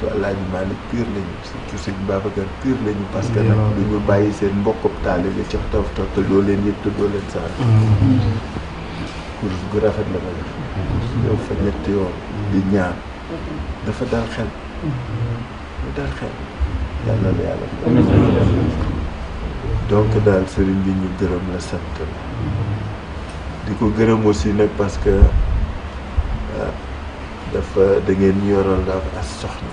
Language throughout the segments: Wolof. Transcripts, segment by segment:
surtout Alaaji Maalik pur lañu surtout sëñ Babacar pur lañu parce que nag duñu bàyyi seen mbokkub taalibe ca taf rafet la ma def yow fa daal sëriñ bi ñu gërëm la sant la di ko gërëm aussi nag parce que ah, dafa da ngeen yoral daal soxna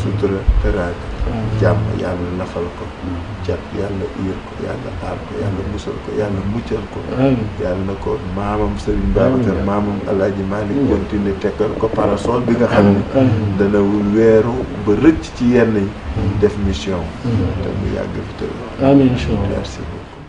sutura teraanga mm-hmm. jàmm yàlla nafal ko cat mm-hmm. yàlla uyal ko yàlla aar ko yàlla musal ko yàlla muccal ko yàlla na ko maamam Serigne Babacar maamam Alaaji Maalik mm-hmm. continuer tekkal ko parasol bi nga xam ne dana weeru ba rëcc ci yenn yi def mission te mu yàgg fi tëdd amiin merci